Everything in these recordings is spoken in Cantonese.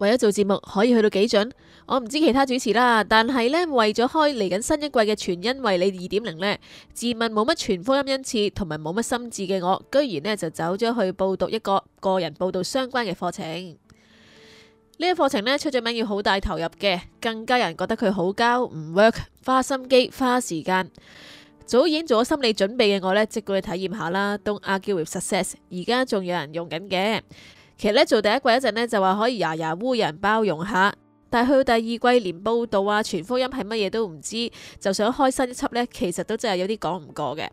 為咗做節目可以去到幾準，我唔知其他主持啦，但係呢，為咗開嚟緊新一季嘅全因為你二點零呢，自問冇乜全科音音次同埋冇乜心智嘅我，居然呢就走咗去報讀一個個人報道相關嘅課程。呢個課程呢，出咗名要好大投入嘅，更加人覺得佢好交唔 work，花心機花時間。早已經做咗心理準備嘅我呢，即管去體驗下啦，Don't argue with success。而家仲有人用緊嘅。其實咧做第一季一陣咧就話可以牙牙烏人包容下，但係去到第二季連報讀啊傳福音係乜嘢都唔知，就想開新一輯咧，其實都真係有啲講唔過嘅。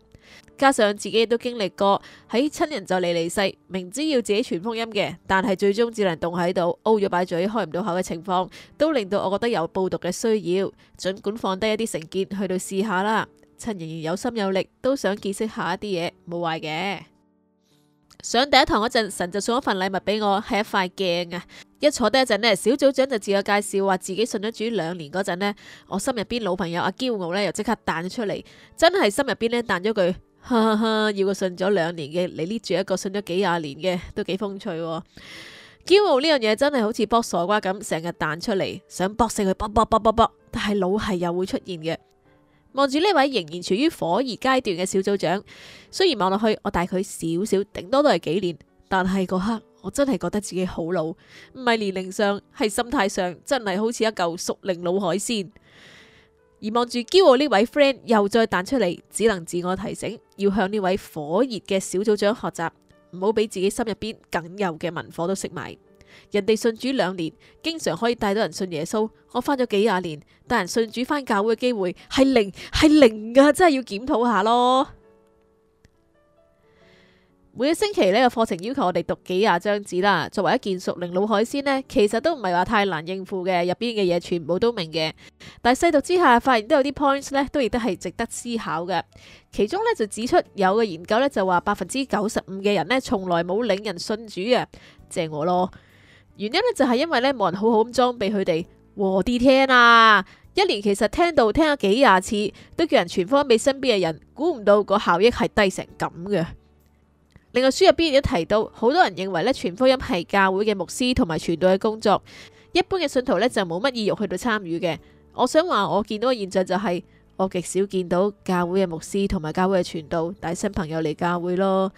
加上自己亦都經歷過喺親人就嚟離，離世，明知要自己傳福音嘅，但係最終只能凍喺度，O 咗擺嘴，開唔到口嘅情況，都令到我覺得有報讀嘅需要。盡管放低一啲成見，去到試下啦。趁仍然有心有力，都想見識一下一啲嘢，冇壞嘅。上第一堂嗰陣，神就送咗份禮物俾我，係一塊鏡啊！一坐低一陣呢，小組長就自我介紹，話自己信咗主兩年嗰陣呢，我心入邊老朋友阿驕傲呢，又即刻彈咗出嚟，真係心入邊呢，彈咗句，呵呵呵，要個信咗兩年嘅，你呢住一個信咗幾廿年嘅，都幾風趣。驕傲呢樣嘢真係好似卜傻瓜咁，成日彈出嚟，想卜死佢卜卜卜卜卜，但係老係又會出現嘅。望住呢位仍然處於火熱階段嘅小組長，雖然望落去我大佢少少，頂多都係幾年，但係嗰刻我真係覺得自己好老，唔係年齡上，係心態上真係好似一嚿熟齡老海鮮。而望住驕傲呢位 friend 又再彈出嚟，只能自我提醒要向呢位火熱嘅小組長學習，唔好俾自己心入邊僅有嘅文火都熄埋。人哋信主兩年，經常可以帶到人信耶穌。我翻咗幾廿年，帶人信主翻教會嘅機會係零，係零啊！真係要檢討下咯。每個星期呢個課程要求我哋讀幾廿張紙啦。作為一件熟齡老海鮮呢，其實都唔係話太難應付嘅，入邊嘅嘢全部都明嘅。但細讀之下，發現都有啲 points 呢，都亦都係值得思考嘅。其中呢，就指出有嘅研究呢，就話百分之九十五嘅人呢，從來冇領人信主啊，即係我咯。原因呢，就係因為咧冇人好好咁裝備佢哋和啲聽啊，一年其實聽到聽咗幾廿次，都叫人傳福音俾身邊嘅人，估唔到個效益係低成咁嘅。另外書入邊亦都提到，好多人認為咧傳福音係教會嘅牧師同埋傳道嘅工作，一般嘅信徒咧就冇乜意欲去到參與嘅。我想話我見到嘅現象就係、是，我極少見到教會嘅牧師同埋教會嘅傳道帶新朋友嚟教會咯。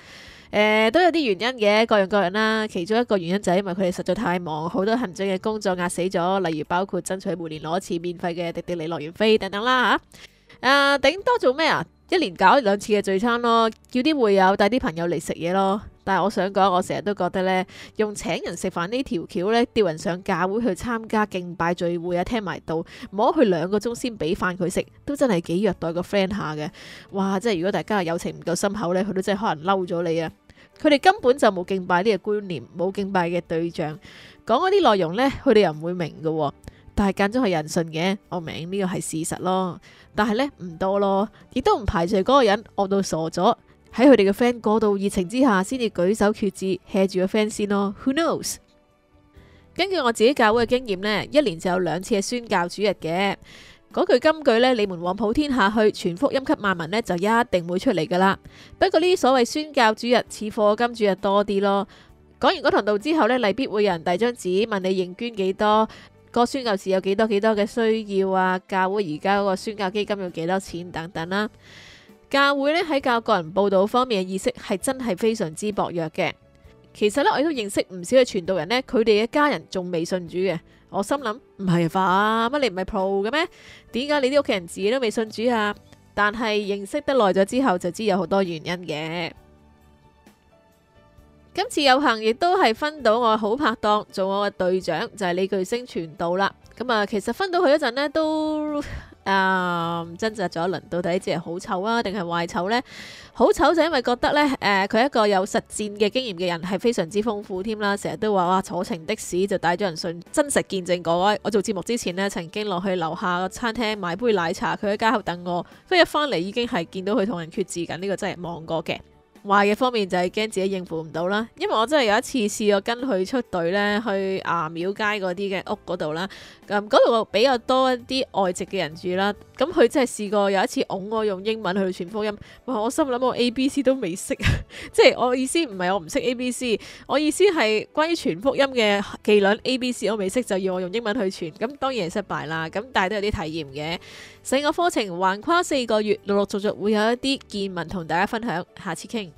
誒、呃，都有啲原因嘅，各樣各樣啦。其中一個原因就係因為佢哋實在太忙，好多行政嘅工作壓死咗，例如包括爭取每年攞一次免費嘅迪士尼樂園飛等等啦吓。頂、呃、多做咩啊？一年搞兩次嘅聚餐咯，叫啲會友帶啲朋友嚟食嘢咯。但我想講，我成日都覺得咧，用請人食飯呢條橋咧，吊人上教會去參加敬拜聚會啊，聽埋到，唔好去兩個鐘先俾飯佢食，都真係幾虐待個 friend 下嘅。哇！真係如果大家嘅友情唔夠深厚咧，佢都真係可能嬲咗你啊。佢哋根本就冇敬拜呢個觀念，冇敬拜嘅對象，講嗰啲內容咧，佢哋又唔會明㗎。但係間中係人信嘅，我明呢個係事實咯。但係咧，唔多咯，亦都唔排除嗰個人餓到傻咗。喺佢哋嘅 friend 過度熱情之下，先至舉手決志吃住個 friend 先咯。Who knows？根據我自己教會嘅經驗呢，一年就有兩次係宣教主日嘅。嗰句金句呢，你們往普天下去，全福音給萬民呢，就一定會出嚟噶啦。不過呢啲所謂宣教主日，似貨金主日多啲咯。講完嗰堂道之後呢，例必會有人遞張紙問你認捐幾多，個宣教士有幾多幾多嘅需要啊？教會而家嗰個宣教基金要幾多錢等等啦。教會咧，喺教個人報道方面嘅意識係真係非常之薄弱嘅。其實咧，我亦都認識唔少嘅傳道人咧，佢哋嘅家人仲未信主嘅。我心諗，唔係啊吧，乜你唔係 pro 嘅咩？點解你啲屋企人自己都未信主啊？但係認識得耐咗之後，就知有好多原因嘅。今次有幸亦都係分到我好拍檔做我嘅隊長，就係李巨星傳道啦。咁啊，其實分到佢一陣咧都。啊！爭執咗一輪，到底只係好醜啊，定係壞醜呢？好醜就因為覺得咧，誒、呃、佢一個有實戰嘅經驗嘅人係非常之豐富添啦，成日都話哇，坐程的士就帶咗人信真實見證哥哥。我做節目之前呢，曾經落去樓下個餐廳買杯奶茶，佢喺街口等我，不過一翻嚟已經係見到佢同人決戰緊，呢、這個真係望過嘅。壞嘅方面就係驚自己應付唔到啦，因為我真係有一次試過跟佢出隊咧，去亞廟街嗰啲嘅屋嗰度啦，咁嗰度比較多一啲外籍嘅人住啦，咁佢真係試過有一次㧬我用英文去傳福音，我心諗，我 A B C 都未識，即係我意思唔係我唔識 A B C，我意思係關於傳福音嘅技能 A B C 我未識，就要我用英文去傳，咁當然係失敗啦，咁但係都有啲體驗嘅。成個課程橫跨四個月，陸陸續續會有一啲見聞同大家分享，下次傾。